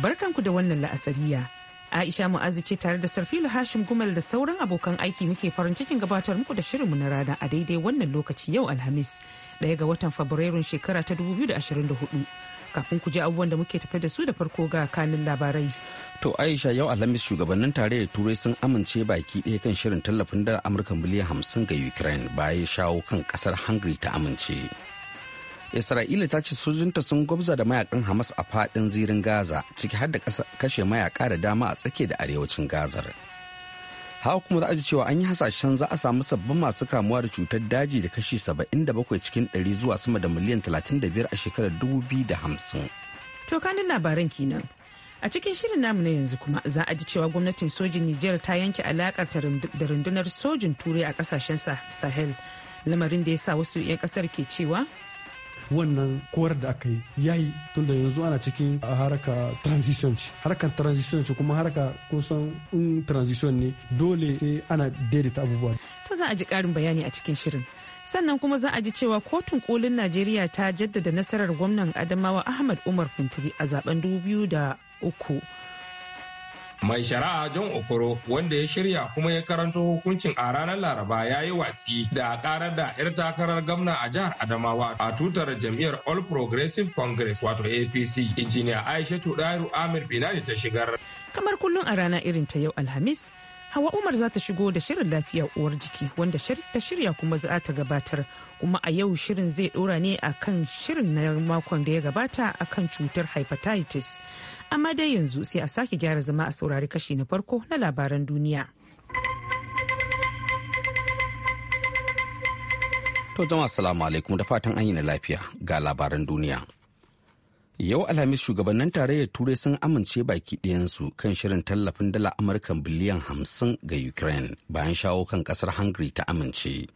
Barkanku da wannan la'asariya. Aisha Mu'azu ce tare da Sarfilu Hashim Gumal da sauran abokan aiki muke farin cikin gabatar muku da shirinmu na rana a daidai wannan lokaci yau Alhamis, daya ga watan Fabrairun shekara ta 2024. Kafin ku ji abubuwan da muke tafe da su da farko ga kanin labarai. To Aisha yau Alhamis shugabannin tarayyar Turai sun amince baki ɗaya kan shirin tallafin da Amurka miliyan hamsin ga Ukraine bayan shawo kan ƙasar Hungary ta amince. Isra'ila ta ce sojinta sun gwabza da mayakan Hamas a fadin zirin Gaza ciki har da kashe mayaka da dama a tsake da arewacin Gazar. Haka kuma za a ji cewa an yi hasashen za a samu sabbin masu kamuwa da cutar daji da kashi 77 cikin 100 zuwa sama da miliyan biyar a shekarar dubu da hamsin. To kanin labaran kenan. A cikin shirin namu na yanzu kuma za a ji cewa gwamnatin sojin Nijar ta yanke alakar da rundunar sojin Turai a kasashen Sahel. Lamarin da ya sa wasu 'yan kasar ke cewa wannan kowar da aka yi ya yi tunda yanzu ana cikin haraka transition ce harkar transition ce kuma haraka kusan in transition ne dole sai ana daidaita abubuwa to za a ji karin bayani a cikin shirin sannan kuma za a ji cewa kotun kolin najeriya ta jaddada nasarar gwamnan adamawa ahmad umar kuntubi a zaben 2003 mai shari'a john okoro wanda ya shirya kuma ya karanto hukuncin a ranar laraba ya yi watsi da karar da 'yar takarar gwamna a jihar adamawa a tutar jam'iyyar all progressive congress wato apc injiniya aisha tudairu amir binani ta shigar kamar kullum a rana irin ta yau alhamis hawa umar za ta shigo da shirin lafiya uwar jiki wanda ta shirya kuma za ta gabatar kuma a yau shirin zai dora ne akan shirin na makon da ya gabata akan cutar hepatitis amma dai yanzu sai a sake gyara zama a saurari kashi na farko na labaran duniya. To jama'a salamu alaikum da fatan an yi na lafiya ga labaran duniya. Yau Alhamis shugabannin tarayyar Turai sun amince baki ɗayansu kan shirin tallafin dala Amurkan biliyan hamsin ga Ukraine bayan shawo kan ƙasar Hungary ta amince.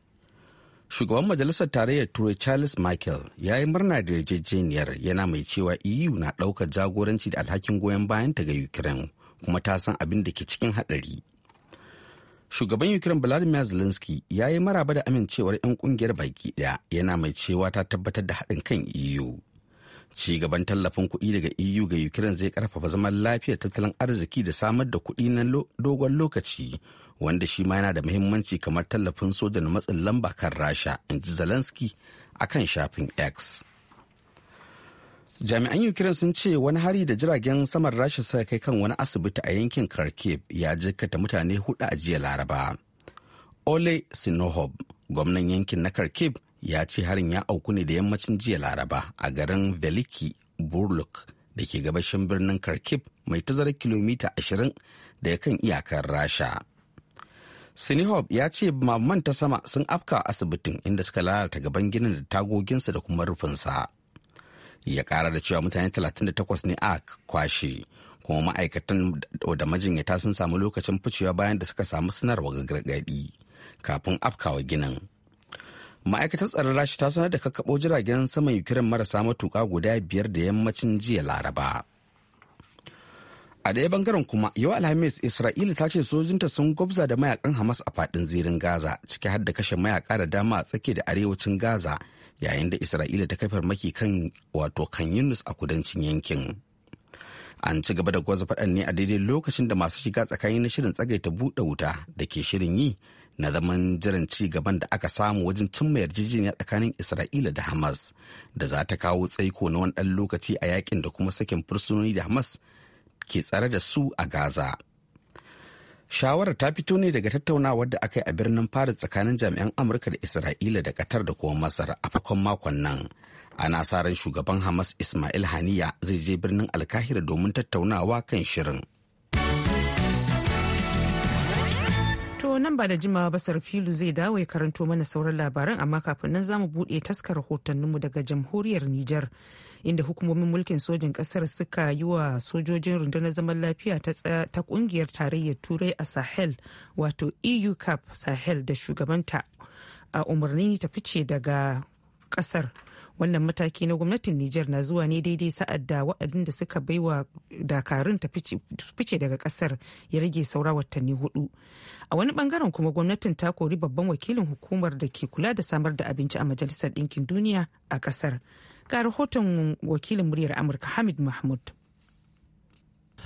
Shugaban Majalisar Tarayyar Turai Charles Michael ya yi murna da yarjejeniyar yana mai cewa EU na ɗaukar jagoranci da alhakin goyon bayan ta ga Ukraine kuma ta san abin da ke cikin haɗari. Shugaban Ukraine Vladimir Zelensky ya yi maraba da amincewar 'yan kungiyar baki ɗaya yana mai cewa ta tabbatar da haɗin kan EU. ci gaban tallafin kuɗi daga eu ga ukraine zai ƙarfafa zaman lafiyar tattalin arziki da samar da kuɗi na dogon lokaci wanda shi ma yana da muhimmanci kamar tallafin soja na matsin lamba kan rasha in ji zelensky a kan shafin x jami'an ukraine sun ce wani hari da jiragen saman rasha suka kai kan wani asibiti a yankin kharkiv ya jikkata mutane hudu a jiya laraba ole sinohob gwamnan yankin na kharkiv ya ce harin ya auku ne da yammacin jiya laraba a garin veliki burluk da ke gabashin birnin kharkiv mai tazarar kilomita 20 da ya kan iyakar rasha sinihop ya ce mamman ta sama sun afka asibitin inda suka lalata gaban ginin da tagoginsa da kuma rufinsa ya kara da cewa mutane 38 ne a kwashe kuma ma'aikatan da majinyata sun samu lokacin ficewa bayan da suka samu sanarwa ga gargaɗi kafin afkawa ginin ma'aikatar tsaron rashi ta sanar da kakkaɓo jiragen saman ukraine marasa matuka guda biyar da yammacin jiya laraba a ɗaya bangaren kuma yau alhamis isra'ila ta ce sojinta sun gwabza da mayakan hamas a faɗin zirin gaza ciki har da kashe mayaka da dama a tsake da arewacin gaza yayin da isra'ila ta kai farmaki kan wato kan yunus a kudancin yankin an ci gaba da gwaza faɗan ne a daidai lokacin da masu shiga tsakani na shirin tsagaita buɗe wuta da ke shirin yi na zaman jiran ci gaban da aka samu wajen cimma yarjejeniya tsakanin isra'ila da hamas da za ta kawo tsaiko na wani ɗan lokaci a yakin da kuma sakin fursunoni da hamas ke tsare da su a gaza Shawara ta fito ne daga tattaunawar da aka yi a birnin paris tsakanin jami'an amurka da isra'ila da qatar da kuma masar a farkon makon nan ana sa ran shugaban hamas ismail haniya zai je birnin alkahira domin tattaunawa kan shirin nan ba da jimawa ba sarfilu zai dawo ya karanto mana sauran labaran amma kafin nan zamu buɗe taskar rahotanninmu daga jamhuriyar Nijar inda hukumomin mulkin sojin ƙasar suka yi wa sojojin rundunar zaman lafiya ta ƙungiyar tarayyar turai a Sahel wato EU Cap Sahel da shugabanta a umarnin tafice daga ƙasar wannan mataki na gwamnatin nijar na zuwa ne daidai sa'ad da da suka bai wa dakarun ta fice daga kasar ya rage saura watanni hudu a wani bangaren kuma gwamnatin ta kori babban wakilin hukumar da ke kula da samar da abinci a majalisar ɗinkin duniya a kasar ga rahoton wakilin muryar amurka hamid mahmud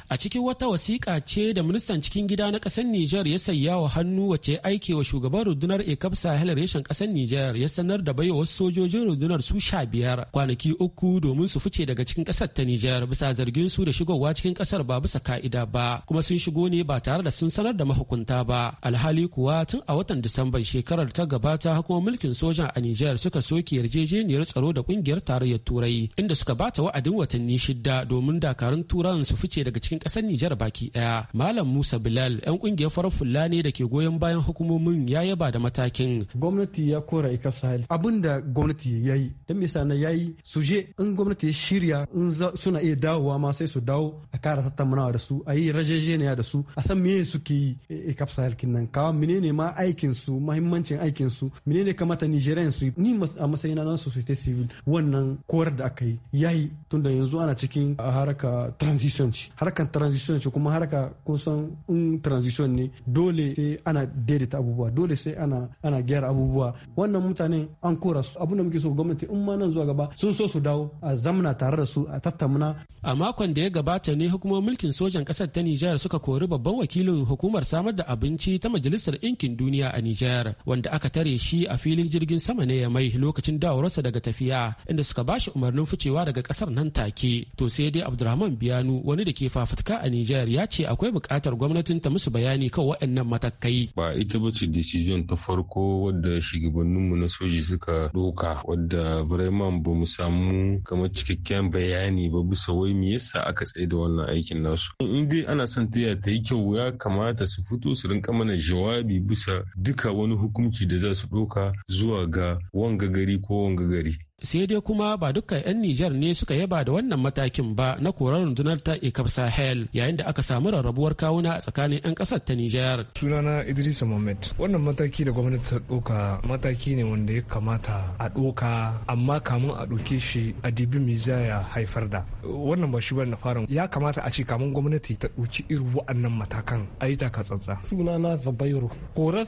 A cikin wata wasiƙa ce da ministan cikin gida na ƙasar Nijar ya saya wa hannu wace aike wa shugaban rundunar Ekab Sahel reshen ƙasar Nijar ya sanar da baiwa wasu sojojin rundunar su sha biyar kwanaki uku domin su fice daga cikin ƙasar ta Nijar bisa zargin su da shigowa cikin ƙasar ba bisa ka'ida ba kuma sun shigo ne ba tare da sun sanar da mahukunta ba alhali kuwa tun a watan Disamban shekarar ta gabata hukumar mulkin sojan a Nijar suka soke yarjejeniyar tsaro da ƙungiyar tarayyar Turai inda suka bata wa'adin watanni shida domin dakarun Turan su fice daga daga cikin ƙasar Nijar baki daya. Malam Musa Bilal 'yan ƙungiyar farar Fulani da ke goyon bayan hukumomin ya yaba da matakin. Gwamnati ya kora ikar sahel. Abin da gwamnati ya yi, don na ya yi suje in gwamnati ya shirya in suna iya dawowa ma sai su dawo a kara tattaunawa da su a yi rajejeniya da su a san meye suke yi e, ikar sahel kinnan kawo menene ma aikin su mahimmancin aikin su menene kamata Nijeriyan su ni a matsayin na society civil wannan korar da aka yi yayi tunda yanzu ana cikin haraka transition ci har harkan transition ce kuma harka kusan in transition ne dole sai ana daidaita abubuwa dole sai ana ana gyara abubuwa wannan mutane an kora su abin da muke so gwamnati in ma nan zuwa gaba sun so su dawo a zamna tare da su a tattauna a makon da ya gabata ne hukumar mulkin sojan kasar ta Nijar suka kori babban wakilin hukumar samar da abinci ta majalisar ɗinkin duniya a Nijar wanda aka tare shi a filin jirgin sama ne ya mai lokacin dawarsa daga tafiya inda suka bashi umarnin ficewa daga kasar nan take to sai dai Abdulrahman Biyanu wani da ke fafutuka a Nijar ya ce akwai bukatar gwamnatin ta musu bayani kan waɗannan matakai. Ba ita ba ce decision ta farko wadda shugabanninmu na soji suka doka wadda Bremen ba mu samu kamar cikakken bayani ba bisa wai me yasa aka tsaye da wannan aikin nasu. In dai ana son taya ta yi kyau ya kamata su fito su rinka mana jawabi bisa duka wani hukunci da za su ɗauka zuwa ga wanga gari ko wanga gari. sai dai kuma ba duka 'yan Nijar ne suka yaba da wannan matakin ba na korar rundunar ta Ikab Sahel yayin da aka samu rarrabuwar kawuna a tsakanin 'yan kasar ta Nijar. Sunana Idrisu Mohamed. Wannan mataki da gwamnati ta ɗoka mataki ne wanda ya kamata a ɗoka amma kamun a ɗoke shi a dibi mizaya haifar da. Wannan ba shi bane na fara. Ya kamata a ce kamun gwamnati ta ɗoki irin wa'annan matakan a yi taka tsantsa. Sunana Zabairu. Korar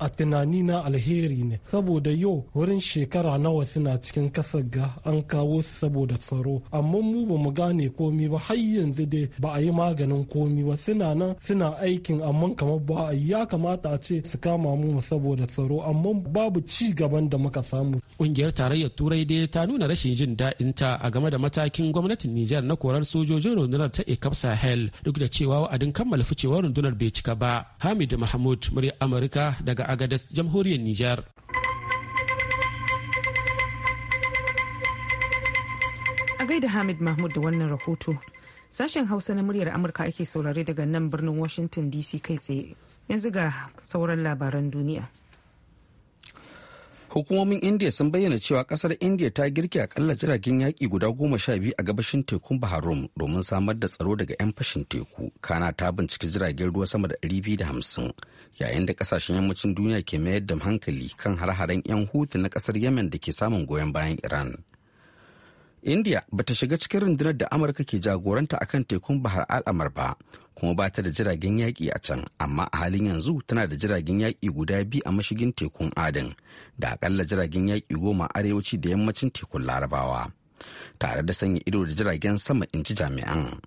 a tunani na alheri ne saboda yau wurin shekara nawa suna cikin cikin kasar ga an kawo su saboda tsaro amma mu ba mu gane komi ba har yanzu dai ba a yi maganin komi ba suna nan suna aikin amma kamar ba a ya kamata a ce su kama mu saboda tsaro amma babu ci gaban da muka samu kungiyar tarayyar turai dai ta nuna rashin jin daɗin ta a game da matakin gwamnatin Nijar na korar sojojin rundunar ta Ekaf Sahel duk da cewa wa'adin kammala ficewar rundunar bai cika ba Hamid Mahmud murya Amurka daga Agadez jamhuriyar Nijar A gaida Hamid Mahmud da wannan rahoto. Sashen Hausa na muryar Amurka ake saurare daga nan birnin Washington DC kai tsaye. Yanzu ga sauran labaran duniya. Hukumomin India sun bayyana cewa kasar India ta girke akalla jiragen yaƙi guda goma sha biyu a gabashin tekun Baharum domin samar da tsaro daga 'yan fashin teku. Kana ta binciki jiragen ruwa sama da 250 yayin da kasashen yammacin duniya ke mayar da hankali kan har-haren 'yan hutu na kasar Yemen da ke samun goyon bayan Iran. Indiya ba ta shiga cikin rundunar da amurka ke jagoranta a kan tekun bahar al'amar ba kuma ba ta da jiragen yaƙi a can amma a halin yanzu tana da jiragen yaƙi guda biyu a mashigin tekun adin da akalla jiragen yaƙi goma arewaci da yammacin tekun larabawa tare da sanya ido da jiragen sama in ji jami'an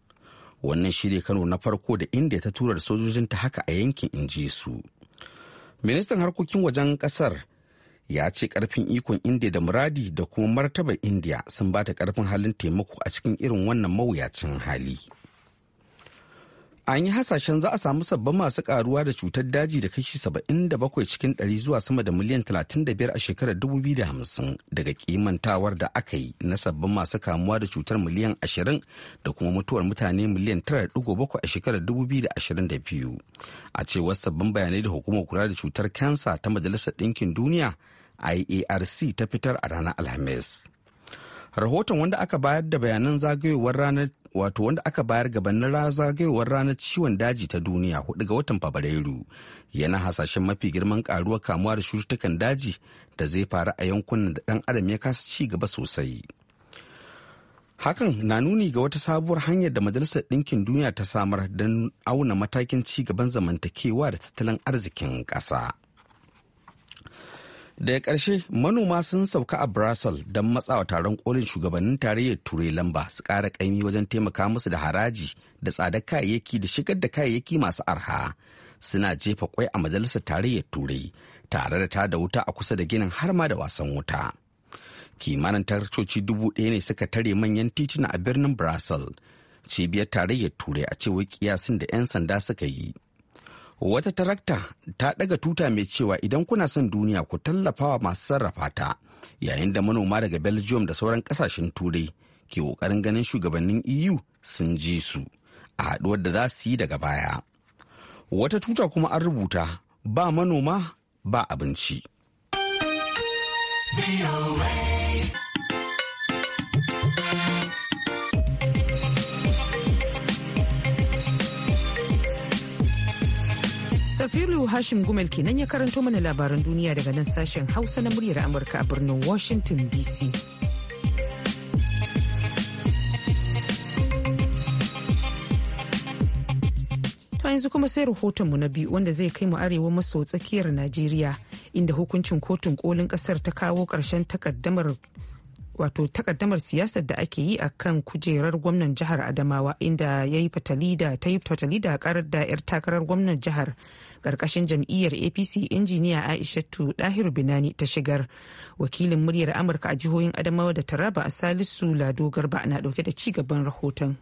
wannan shirya kano na farko da Indiya ta tura da sojojinta haka a yankin in ji su ministan harkokin wajen Ƙasar. ya ce karfin ikon indiya da muradi da kuma martaba indiya sun bata karfin halin taimako a cikin irin wannan mawuyacin hali an yi hasashen za a samu sabbin masu karuwa da cutar daji da kashi 77 cikin 100 zuwa sama da miliyan 35 a shekarar 2050 daga kimantawar da aka yi na sabbin masu kamuwa da cutar miliyan 20 da kuma mutuwar mutane miliyan 9.7 a shekarar 2022 a cewar sabbin bayanai da hukumar kula da cutar kansa ta majalisar ɗinkin duniya IARC ta fitar a ranar Alhamis. Rahoton wanda aka bayar da bayanan zagayowar ranar wato wanda aka bayar gabanin zagayowar ranar ciwon daji ta duniya 4 ga watan Fabrairu yana hasashen mafi girman karuwar kamuwa da cututtukan daji da zai faru a yankunan da ɗan adam ya kasa ci gaba sosai. Hakan na nuni ga wata sabuwar hanyar da Majalisar Ɗinkin Duniya ta samar don auna matakin ci gaban zamantakewa da tattalin arzikin ƙasa. daga ƙarshe manoma sun sauka a brussels don matsawa taron kolin shugabannin tarayyar turai lamba su ƙara ƙaimi wajen taimaka musu da haraji da tsada kayayyaki da shigar da kayayyaki masu arha suna jefa kwai a majalisar tarayyar turai tare da ta da wuta a kusa da ginin har ma da wasan wuta kimanin tarcoci dubu ɗaya ne suka tare manyan tituna a birnin brussels cibiyar tarayyar turai a cewar kiyasin da 'yan sanda suka yi wata tarakta ta daga tuta mai cewa idan kuna son duniya ku tallafa wa masu sarrafa ta yayin da manoma daga belgium da sauran kasashen turai ke kokarin ganin shugabannin eu sun ji su a haduwar da za su yi daga baya wata tuta kuma an rubuta ba manoma ba abinci. safiru Hashim Gumel kenan ya karanto mana labaran duniya daga nan sashen Hausa na muryar Amurka a birnin Washington DC. To yanzu kuma sai rahotonmu na biyu wanda zai kai mu arewa maso tsakiyar Najeriya inda hukuncin kotun kolin kasar ta kawo ƙarshen takaddamar wato takaddamar siyasar da ake yi a kan kujerar gwamnan jihar adamawa inda ya yi fatali da ta yi fatali da karar da 'yar takarar gwamnan jihar karkashin jam'iyyar apc injiniya aishatu dahiru binani ta shigar wakilin muryar amurka a jihohin adamawa da taraba a salisu lado garba na dauke da ci gaban rahoton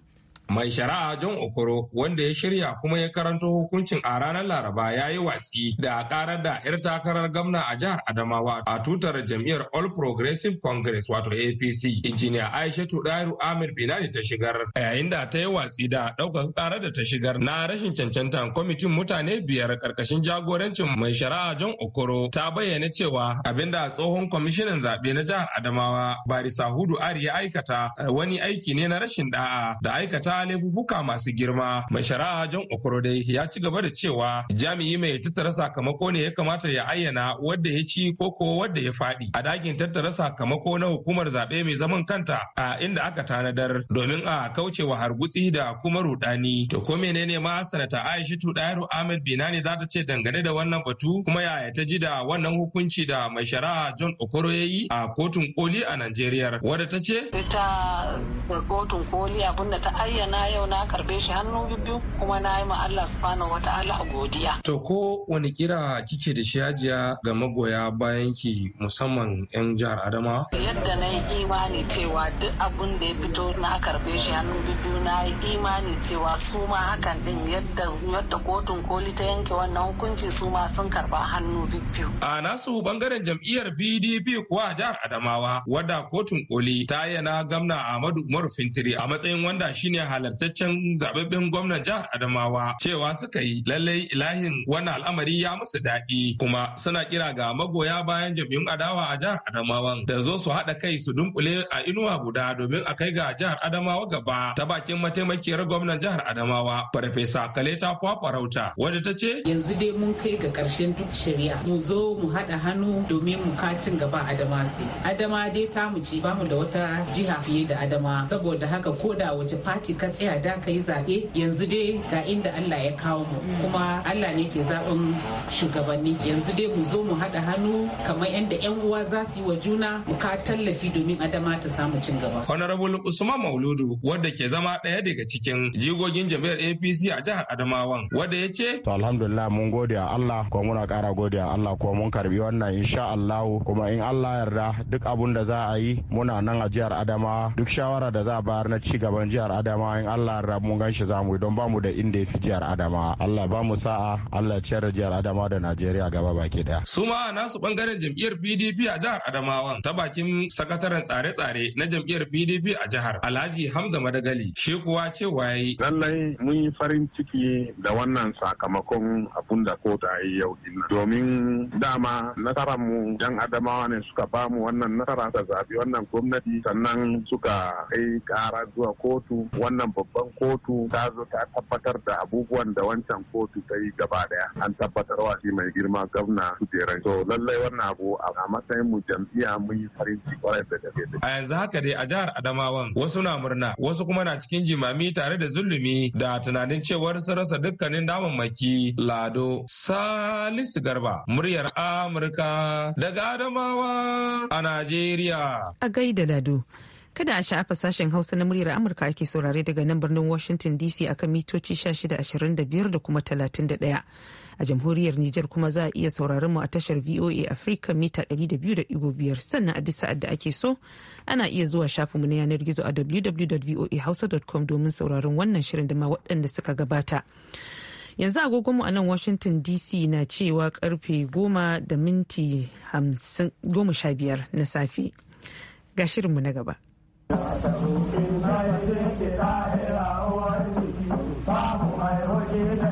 mai shari'a john okoro wanda ya shirya kuma ya karanto hukuncin a ranar laraba ya yi watsi da karar da 'yar takarar gamna a jihar adamawa a tutar jam'iyyar all progressive congress wato apc injiniya Aisha dairu amir binani ta shigar a yayin da ta yi watsi da ɗaukar karar da ta shigar na rashin cancanta kwamitin mutane biyar karkashin jagorancin mai shari'a john okoro ta bayyana cewa abinda tsohon kwamishinan zaɓe na jihar adamawa barisa hudu ari ya aikata wani aiki ne na rashin da'a da aikata na laifuka masu girma mai shari'a okoro Okorode ya ci gaba da cewa jami'i mai tattara sakamako ne ya kamata ya ayyana wadda ya ci ko ko wadda ya faɗi a dakin tattara sakamako na hukumar zaɓe mai zaman kanta a inda aka tanadar domin a kaucewa hargutsi da kuma rudani to ko menene ma sanata Aishatu Dairu Ahmed Binani za ta ce dangane da wannan batu kuma yaya ta ji da wannan hukunci da mai shari'a John Okoro ya yi a kotun koli a Najeriya wadda ta ce ita kotun koli abinda ta ayyana na yau na karbe shi hannu biyu kuma na yi ma Allah subhanahu wa ta'ala godiya. To ko wani kira kike da shi hajiya ga magoya bayan ki musamman 'yan jihar Adama? Yadda na yi imani cewa duk abun da ya fito na karbe shi hannu biyu na yi imani cewa su ma hakan din yadda yadda kotun koli ta yanke wannan hukunci su ma sun karba hannu biyu. A nasu bangaren jam'iyyar PDP kuwa jihar Adamawa wadda kotun koli ta yana gamna Ahmadu Umaru Fintiri a matsayin wanda shine halartaccen zababben gwamnan jihar Adamawa cewa suka yi lallai ilahin wannan al'amari ya musu daɗi kuma suna kira ga magoya bayan jam'iyyun adawa a jihar adamawa da zo su haɗa kai su dunkule a inuwa guda domin a kai ga jihar Adamawa gaba ta bakin mataimakiyar gwamnan jihar Adamawa Farfesa Kaleta Kwafarauta wadda ta ce yanzu dai mun kai ga ƙarshen duk shari'a mu zo mu haɗa hannu domin mu katin gaba Adama State Adama dai ta mu ci ba da wata jiha fiye da Adama saboda haka ko da wace fati ka tsaya da ka yi zaɓe yanzu dai ga inda Allah ya kawo mu mm. kuma Allah ne ke zaɓin shugabanni yanzu dai mu zo mu haɗa hannu kamar yadda 'yan uwa za su yi wa juna mu ka tallafi domin adama ta samu cin gaba. Honorable Usman Mauludu wadda ke zama ɗaya daga cikin jigogin jami'ar APC a jihar Adamawan wadda ya ce. To alhamdulillah mun gode a Allah ko muna ƙara gode a Allah ko mun karbi wannan insha Allah kuma in Allah yarda duk abun da za a yi muna nan a jihar Adamawa duk shawara da za a bayar na ci gaban jihar Adamawa kuma in Allah mun gan shi zamu don bamu da inda ya fi jihar Adama Allah ba mu sa'a Allah ciyar da jihar Adama da Najeriya gaba baki daya su ma nasu bangaren jam'iyyar PDP a jihar Adamawa, ta bakin sakataren tsare-tsare na jam'iyyar PDP a jihar Alhaji Hamza Madagali shi kuwa cewa yayi lallai mun yi farin ciki da wannan sakamakon abun da kotu a yi yau din domin dama nasarar mu dan Adamawa ne suka ba mu wannan nasara ta zabi wannan gwamnati sannan suka kai kara zuwa kotu wannan wannan babban kotu ta zo ta tabbatar da abubuwan da wancan kotu ta yi gaba daya an wa shi mai girma gwamna su kujerai to lallai wannan abu a matsayin mu jam'iyya mun yi farin ciki kwarai da gaske a yanzu haka dai a jihar adamawan wasu na murna wasu kuma na cikin jimami tare da zulumi da tunanin cewar su rasa dukkanin damammaki lado salisu garba muryar amurka daga adamawa a najeriya a gaida lado Kada a shafa sashen Hausa na muryar Amurka ake saurare daga nan birnin Washington DC akan mitoci 1625 da kuma 31. A jamhuriyar Nijar kuma za a iya sauraron mu a tashar VOA Africa mita 200.5 sannan a duk sa'ad da ake so ana iya zuwa shafinmu na yanar gizo a www.voahausa.com domin sauraron wannan shirin da ma waɗanda suka gabata. yanzu agogonmu a nan washington dc na cewa karfe goma da minti goma sha biyar na safe ga shirinmu na gaba Samu mai hoje da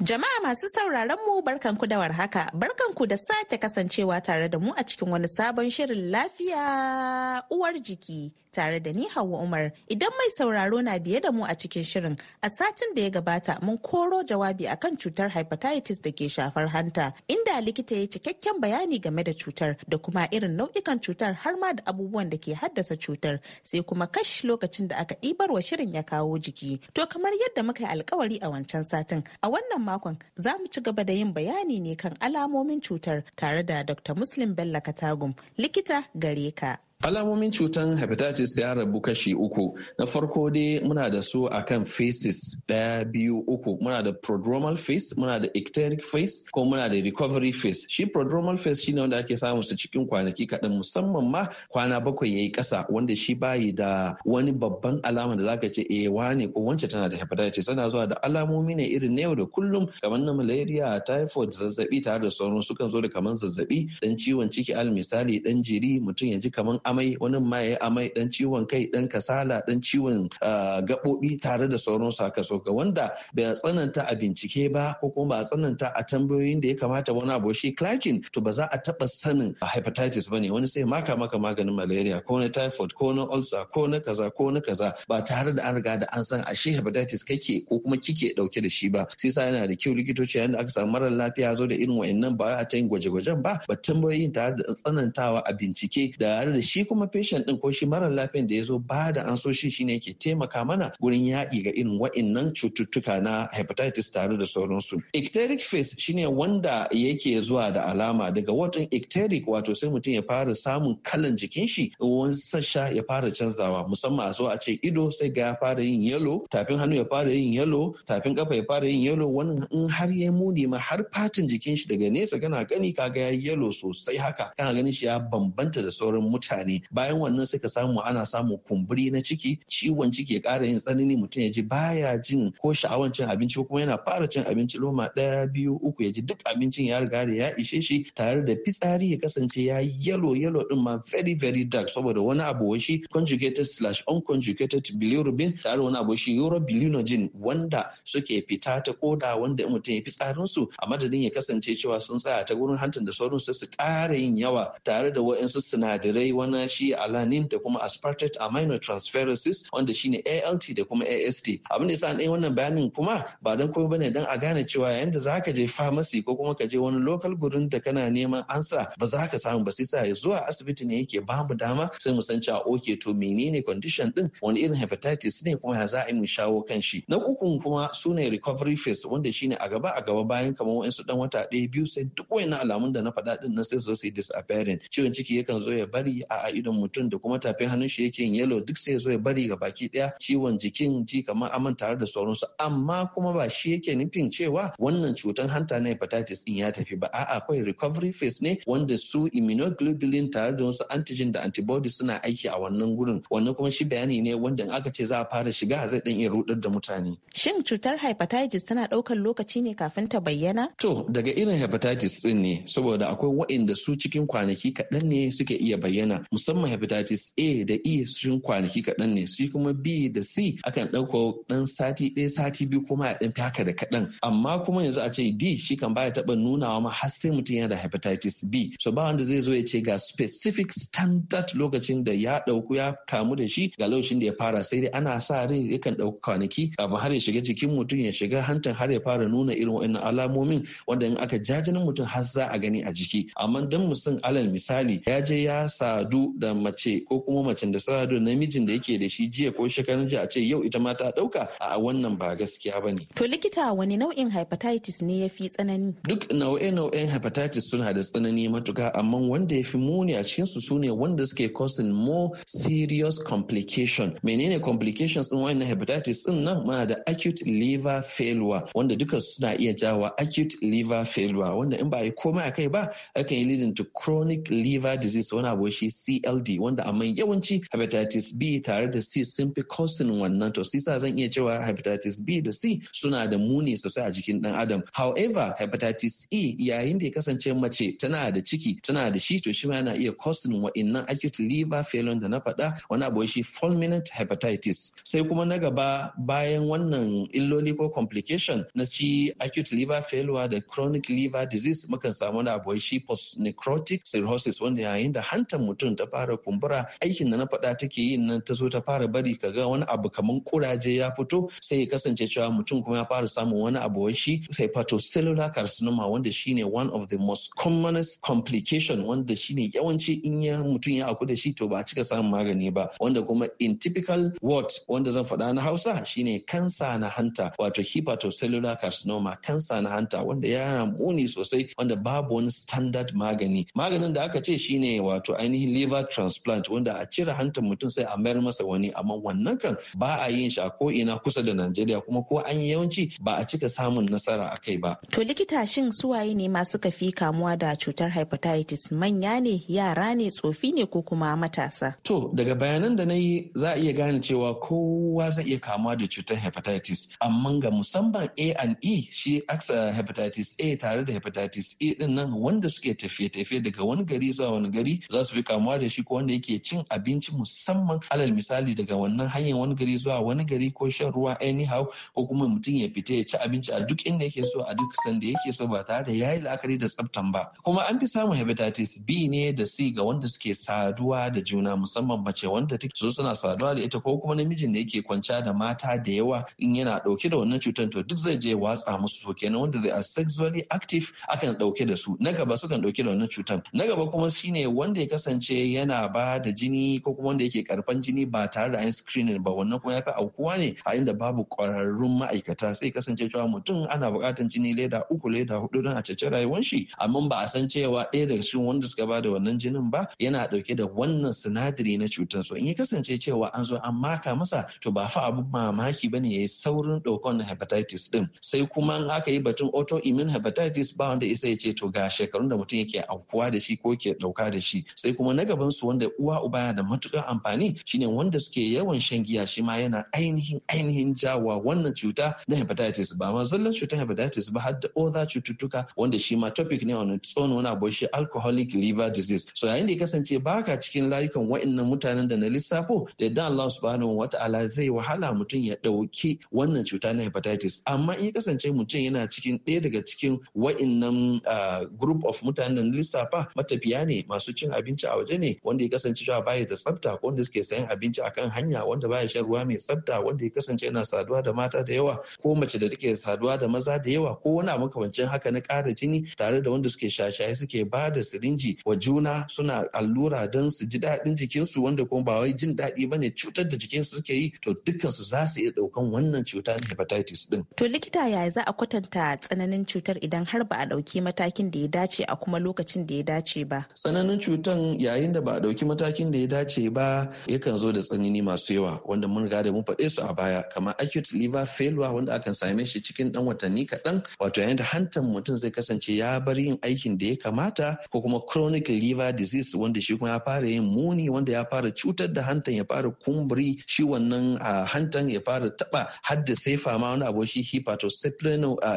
Jama'a masu sauraron mu barkanku da warhaka, barkanku da sake kasancewa tare da mu a cikin wani sabon shirin lafiya uwar jiki tare da ni Hauwa Umar. Idan mai sauraro na biye da mu a cikin shirin, a satin da ya gabata mun koro jawabi akan cutar hepatitis da ke shafar hanta, inda likita ya cikakken bayani game da cutar da kuma irin nau'ikan cutar har ma da abubuwan da ke haddasa cutar, sai kuma kash lokacin da aka ɗibar wa shirin ya kawo jiki. To kamar yadda muka yi alkawari a wancan satin, a wannan makon za mu ci gaba da yin bayani ne kan alamomin cutar tare da Dr. Muslim Bello Katagum likita gare ka. Alamomin cutan hepatitis ya rabu kashi uku. Na farko dai muna da su akan faces daya biyu uku. Muna da prodromal face, muna da ecteric face, ko muna da recovery face. Shi prodromal face shine wanda ake samu su cikin kwanaki kaɗan musamman ma kwana bakwai yayi ƙasa wanda shi bayi da wani babban alama da zaka ce eh wane ko wance tana da hepatitis tana zuwa da alamomi ne irin na yau da kullum kamar na malaria, typhoid, zazzabi tare da sauran sukan zo da kamar zazzabi, dan ciwon ciki al misali dan jiri mutum ya ji kamar amai wani ma ya amai dan ciwon kai dan kasala dan ciwon ah, gaɓoɓi tare da sauran saka-soka wanda bai tsananta a bincike ba ko kuma ba tsananta a tambayoyin da ya kamata wani abu shi clacking to ba za a taɓa sanin hepatitis ba ne wani sai maka maka maganin malaria ko na typhoid ko na ulcer ko na kaza ko na kaza ba tare da an riga da an san a ashe hepatitis kake ko kuma kike dauke da shi ba sai sa yana da kyau likitoci yayin da aka samu mara lafiya zo da irin wayannan ba a ta yin gwaje-gwajen ba ba tambayoyin tare da tsanantawa a bincike da da shi shi kuma patient din ko shi mara lafiyan da ya zo ba da shi shine ke taimaka mana gurin yaƙi ga irin wa'innan cututtuka na hepatitis tare da sauransu ecteric phase shine wanda yake zuwa da alama daga watan ecteric wato sai mutum ya fara samun kalan jikin shi wani sasha ya fara canzawa musamman a so a ce ido sai ga ya fara yin yalo tafin hannu ya fara yin yalo tafin kafa ya fara yin yalo wani in har ya muni ma har fatin jikin shi daga nesa kana gani kaga ya yalo sosai haka kana ganin shi ya bambanta da sauran mutane mutane bayan wannan sai ka samu ana samun kumburi na ciki ciwon ciki ya ƙara yin tsanani mutum ya ji baya jin ko sha'awar cin abinci ko kuma yana fara cin abinci loma ɗaya biyu uku ya ji duk abincin ya riga da ya ishe shi tare da fitsari ya kasance ya yalo yalo din ma very very dark saboda wani abu shi conjugated slash unconjugated bilirubin tare wani abu shi urobilinogen wanda suke fita ta koda wanda mutum ya fitsarin su a madadin ya kasance cewa sun tsaya ta gurin hantar da sauransu su ƙara yin yawa tare da waɗansu sinadarai wani na shi alanin da kuma aspartate aminotransferosis wanda shine ALT da kuma AST abin da yasa an wannan bayanin kuma ba dan komai bane dan a gane cewa yayin da zaka je pharmacy ko kuma ka je wani local gurin da kana neman ansa ba za ka samu ba sai sa zuwa asibiti ne yake ba mu dama sai mu san cewa okay to menene condition din wani irin hepatitis ne kuma ya za a yi mu shawo kan shi na uku kuma sune recovery phase wanda shine a gaba a gaba bayan kamar wa'ansu dan wata ɗaya biyu sai duk wayannan alamun da na faɗa ɗin na sai su sai disappearing ciwon ciki yakan zo ya bari a idon mutum da kuma tafin hannun shi yake yin yellow duk sai zo ya bari ga baki daya ciwon jikin ji kamar aman tare da sauransu amma kuma ba shi yake nufin cewa wannan cutar hanta na hepatitis din ya tafi ba a'a akwai recovery phase ne wanda su immunoglobulin tare da wasu antigen da antibodies suna aiki a wannan gurin wannan kuma shi bayani ne wanda aka ce za a fara shiga zai dan iya rudar da mutane shin cutar hepatitis tana daukar lokaci ne kafin ta bayyana to daga irin hepatitis din ne saboda akwai waɗanda su cikin kwanaki kaɗan ne suke iya bayyana musamman hepatitis A da E sun kwanaki kaɗan ne shi kuma B da C akan ɗauko ɗan sati ɗaya sati biyu kuma a ɗan haka da kaɗan amma kuma yanzu a ce D shi kan baya taɓa nunawa ma har sai mutum yana da hepatitis B so ba wanda zai zo ya ce ga specific standard lokacin da ya ɗauku ya kamu da shi ga lokacin da ya fara sai dai ana sa rai ya kan ɗauki kwanaki kafin har ya shiga jikin mutum ya shiga hantan har ya fara nuna irin wa'annan alamomin wanda in aka jajinin mutum har za a gani a jiki amma dan mutum alal misali ya je ya sadu da mace ko kuma macen da sadu na namijin da yake da shi jiya ko shekarun jiya a ce yau ita ma ta dauka a wannan ba gaskiya ba ne. To likita wani nau'in hepatitis ne ya fi tsanani? Duk nau'e-nau'en hepatitis suna da tsanani matuka amma wanda ya fi muni a cikinsu su ne wanda suke causing more serious complication. Menene complications din wannan hepatitis din nan muna da acute liver failure wanda duka suna iya jawa acute liver failure wanda in ba a yi komai a kai ba akan yi leading to chronic liver disease wani abu shi CLD wanda amma yawanci hepatitis B tare da C sun fi causing wannan to sisa zan iya cewa hepatitis B da C suna da muni sosai a jikin dan adam. However hepatitis E yayin da ya kasance mace tana da ciki tana da shi to shi ma yana iya causing wa'innan acute liver failure da na faɗa wani abu shi fulminant hepatitis. Sai kuma na gaba bayan wannan illoli ko complication na shi acute liver failure da chronic liver disease mukan samu wani abu shi post necrotic cirrhosis wanda yayin da hantar mutum ta fara kumbura aikin da na faɗa take yin nan ta zo ta fara bari ka ga wani abu kaman kuraje ya fito sai ya kasance cewa mutum kuma ya fara samun wani abu shi hepatocellular carcinoma wanda shine one of the most commonest complication wanda shine yawanci in ya mutum ya aku da shi to ba a cika samun magani ba wanda kuma in typical word wanda zan faɗa na Hausa shine kansa na hanta wato hepatocellular carcinoma kansa na hanta wanda ya muni sosai wanda babu wani standard magani maganin da aka ce shine wato ainihin liver transplant wanda a cire hantar mutum sai a mayar masa wani amma wannan kan ba a yin shi a ko ina kusa da Najeriya kuma ko an yi yawanci ba a cika samun nasara a kai ba. To likita shin suwaye ne masu kafi kamuwa da cutar hepatitis manya ne yara ne tsofi ne ko kuma matasa? To daga bayanan da na yi za a iya gane cewa kowa zai iya kamuwa da cutar hepatitis amma ga musamman A and E shi aksa hepatitis A tare da hepatitis A e din nan wanda suke tafiye-tafiye daga wani gari zuwa wani gari za su fi kamuwa da shi ko wanda yake cin abinci musamman alal misali daga wannan hanyar wani gari zuwa wani gari ko shan ruwa anyhow ko kuma mutum ya fita ya ci abinci a duk inda yake so a duk sanda yake so ba tare da yayi la'akari da tsaftan ba kuma an fi samun hepatitis B ne da C ga wanda suke saduwa da juna musamman mace wanda take so suna saduwa da ita ko kuma namijin da yake kwanciya da mata da yawa in yana dauke da wannan cutar to duk zai je watsa musu so kenan wanda they are sexually active akan dauke da su na gaba sukan dauke da wannan cutar na gaba kuma shine wanda ya kasance yana ba da jini ko kuma wanda yake karfan jini ba tare da an screening ba wannan kuma ya fi aukuwa ne a inda babu kwararrun ma'aikata sai kasance cewa mutum ana buƙatar jini leda uku leda hudu don a cece rayuwar shi amma ba a san cewa ɗaya daga cikin wanda suka ba da wannan jinin ba yana ɗauke da wannan sinadari na cutar so in ya kasance cewa an zo an maka masa to ba fa abun mamaki ba ne ya yi saurin ɗaukan hepatitis ɗin sai kuma in aka yi batun autoimmune hepatitis ba wanda isa ya ce to ga shekarun da mutum yake aukuwa da shi ko ke ɗauka da shi sai kuma na gaba gabansu wanda uwa uba yana da matukar amfani shine wanda suke yawan shan giya shi ma yana ainihin ainihin jawa wannan cuta na hepatitis ba ma zallan cutar hepatitis ba har da other cututtuka wanda shi ma topic ne on its own wani shi alcoholic liver disease so yayin da ya kasance baka cikin layukan wa'annan mutanen da na lissafo da yadda Allah subhanahu wa ta'ala zai wahala mutum ya dauki wannan cuta na hepatitis amma in ya kasance mutum yana cikin ɗaya daga cikin wa'annan ah, group of mutanen da na lissafa matafiya ne masu cin abinci a waje ne wanda ya kasance cewa baya da tsafta ko wanda suke sayan abinci akan hanya wanda baya shan ruwa mai tsafta wanda ya kasance yana saduwa da mata da yawa ko mace da take saduwa da maza da yawa ko wani kamancin haka na ƙara jini tare da wanda suke shashaye suke ba da sirinji wa juna suna allura don su ji daɗin jikinsu wanda kuma ba wai jin daɗi bane cutar da jikinsu suke yi to dukkansu za su iya ɗaukan wannan cuta na hepatitis din. To likita yaya za a kwatanta tsananin cutar idan har ba a ɗauki matakin da ya dace a kuma lokacin da ya dace ba? Tsananin cutan yayin yayin da ba a ɗauki matakin da ya dace ba yakan zo da tsanani masu yawa wanda mun riga da mun faɗe su a baya kamar acute liver failure wanda akan same shi cikin ɗan watanni kaɗan wato yayin da hantan mutum zai kasance ya bar yin aikin da ya kamata ko kuma chronic liver disease wanda shi kuma ya fara yin muni wanda ya fara cutar da hantan ya fara kumburi shi wannan hantan ya fara taɓa haddasa fama wani abu shi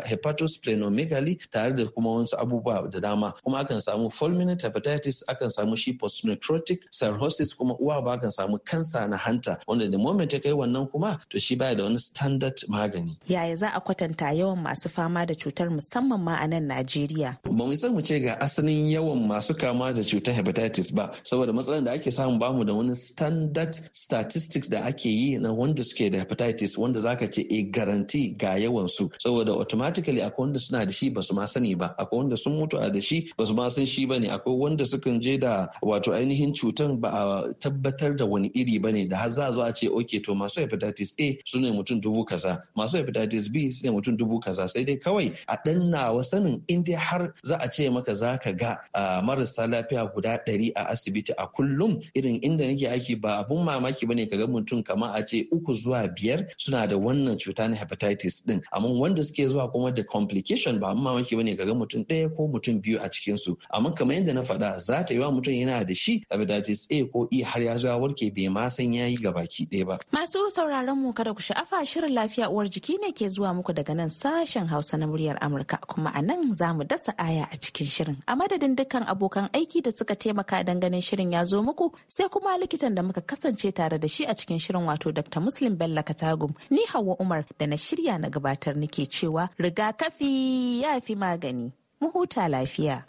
hepatosplenomegaly tare da kuma wasu abubuwa da dama kuma akan samu fulminant hepatitis akan samu shi post necrotic cirrhosis kuma uwa ba kan samu kansa na hanta wanda da moment ta kai wannan kuma to shi baya da wani standard magani yaya za a kwatanta yawan masu fama da cutar musamman ma a nan Najeriya ba mu san mu ce ga asalin yawan masu kama da cutar hepatitis ba saboda matsalar da ake samu bamu da wani standard statistics da ake yi na wanda suke da hepatitis wanda za ka ce a eh, garanti ga yawan su saboda automatically akwai wanda suna da shi ba su ma sani ba akwai wanda sun mutu a da shi ba su ma san shi bane akwai wanda sukan je da wato ainihin cutan ba a tabbatar da wani iri bane da har za zo a ce okay to masu hepatitis A su ne mutum dubu kaza masu hepatitis B su ne mutum dubu kaza sai dai kawai a dan nawa sanin in dai har za a ce maka za ka ga marasa lafiya guda ɗari a asibiti a kullum irin inda nake aiki ba abun mamaki bane ga mutum kamar a ce uku zuwa biyar suna da wannan cuta na hepatitis din amma wanda suke zuwa kuma da complication ba mamaki ka ga mutum ɗaya ko mutum biyu a cikin su amma kamar yadda na faɗa za ta yi wa mutum yana da shi hepatitis A ko E har ya zo warke bai ma san yayi ga baki ɗaya ba. Masu sauraron mu kada ku sha'afa shirin lafiya uwar jiki ne ke zuwa muku daga nan sashen Hausa na muryar Amurka kuma a nan za mu dasa aya a cikin shirin. A madadin dukkan abokan aiki da suka taimaka don ganin shirin ya zo muku sai kuma likitan da muka kasance tare da shi a cikin shirin wato Dr. Muslim Bello Katagum ni Hauwa Umar da na shirya na gabatar nake cewa rigakafi ya fi magani. Mu huta lafiya.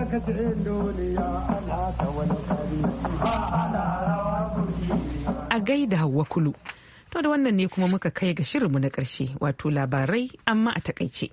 da A gaida Hauwa Kulu. To da wannan ne kuma muka kai ga shirinmu na ƙarshe wato labarai amma a takaice.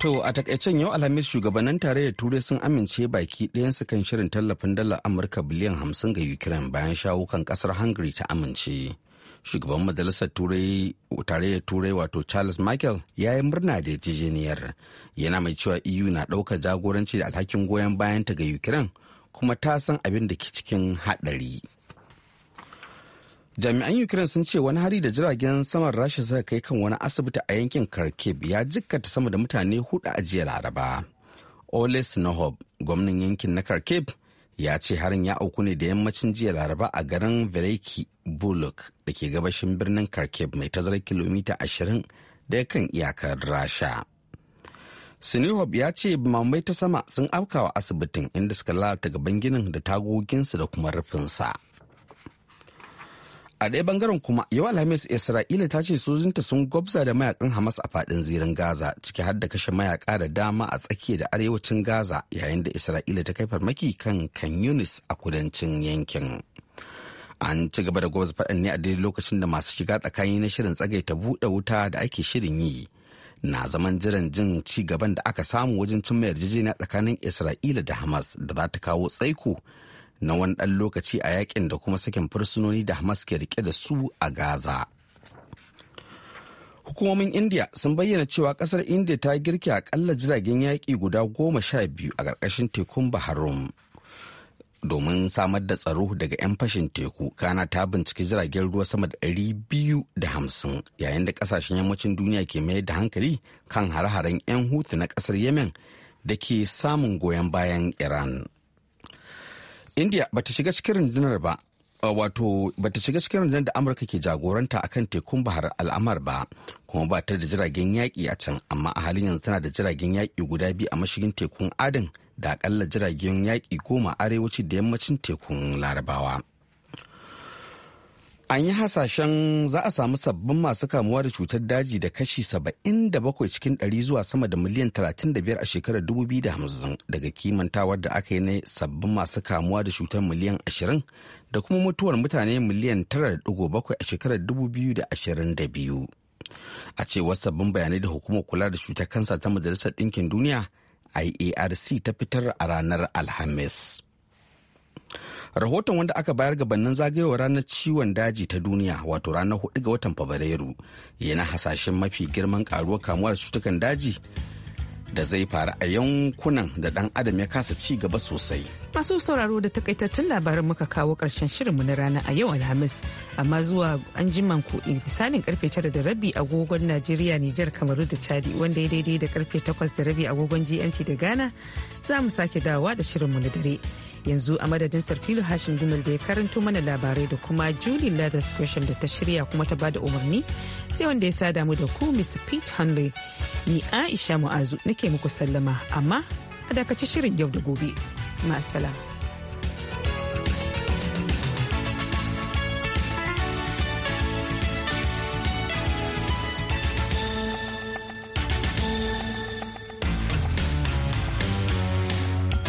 To a takaicen yau Alhamis shugabannin tarayyar Turai sun amince baki ɗayansu kan shirin tallafin dalar Amurka biliyan hamsin ga Ukraine bayan shawo kan ƙasar Hungary ta amince. shugaban majalisar turai tarayyar turai wato charles michael ya yi murna da yarjejeniyar yana mai cewa eu na ɗaukar jagoranci da alhakin goyon bayan ta ga ukraine kuma ta san abin da ke cikin haɗari jami'an ukraine sun ce wani hari da jiragen saman rasha suka kai kan wani asibiti a yankin kharkiv ya jikkata sama da mutane hudu a jiya laraba Oles Nohob, gwamnan yankin na Kharkiv, ya ce harin ya auku ne da yammacin jiya laraba a garin veliki bulok da ke gabashin birnin kharkiv mai tazarar kilomita 20 daga kan iyakar rasha sinihob ya ce mamai ta sama sun afkawa asibitin inda suka lalata gaban ginin da tagoginsa da kuma rufinsa a ɗaya bangaren kuma yau alhamis isra'ila ta ce sojinta sun gwabza da mayakan hamas a faɗin zirin gaza ciki har da kashe mayaka da dama a tsakiya da arewacin gaza yayin da isra'ila ta kai farmaki kan Kanyunis a kudancin yankin an ci gaba da gwabza faɗan ne a daidai lokacin da masu shiga tsakani na shirin tsagaita buɗe wuta da ake shirin yi na zaman jiran jin ci gaban da aka samu wajen cimma yarjejeniya tsakanin isra'ila da hamas da za ta kawo tsaiko na wani ɗan lokaci a yakin da kuma sakin fursunoni da Hamas ke rike da su a Gaza. Hukumomin India sun bayyana cewa kasar India ta girke akalla jiragen yaƙi guda goma sha biyu a ƙarƙashin tekun Baharum. Domin samar da tsaro daga 'yan fashin teku, kana ta binciki jiragen ruwa sama da ɗari biyu da hamsin yayin da ƙasashen yammacin duniya ke mayar da hankali kan hare-haren 'yan hutu na ƙasar Yemen da ke samun goyon bayan Iran. india ta shiga cikin rundunar ba wato ta shiga cikin rundunar da amurka ke jagoranta akan tekun bahar al'amar ba kuma ba ta da jiragen yaƙi a can amma a halin yanzu tana da jiragen yaƙi guda biyu a mashigin tekun adin da aƙalla jiragen yaƙi goma arewaci da yammacin tekun larabawa an yi hasashen za a samu sabbin masu kamuwa da cutar daji da kashi 77 cikin 100 zuwa sama da miliyan 35 a shekarar 2050 daga kimantawar da aka yi na sabbin masu kamuwa da cutar miliyan 20 da kuma mutuwar mutane miliyan 9.7 a shekarar 2022 a cewar sabbin bayanai da hukumar kula da cutar kansa ta majalisar ɗinkin duniya iarc ta fitar a ranar alhamis rahoton wanda aka bayar gabanin zagayowar ranar ciwon daji ta duniya wato ranar hudu ga watan fabrairu yana hasashen mafi girman karuwar kamuwar cutukan daji da zai faru a yankunan da dan adam ya kasa ci gaba sosai masu sauraro da takaitattun labaran muka kawo karshen shirinmu na rana a yau alhamis amma zuwa an jiman kuɗi misalin karfe tara da rabi agogon najeriya nijar kamaru da chadi wanda ya daidai da karfe takwas da rabi agogon gmt da ghana za mu sake dawowa da shirinmu na dare yanzu a madadin sarfilu hashin gumel da ya karanto mana labarai da kuma julie lathers special da ta shirya kuma ta bada umarni sai wanda ya sada mu da ku mr pete hanley ni aisha mu'azu nake muku sallama amma a dakaci shirin yau da gobe ma'asala.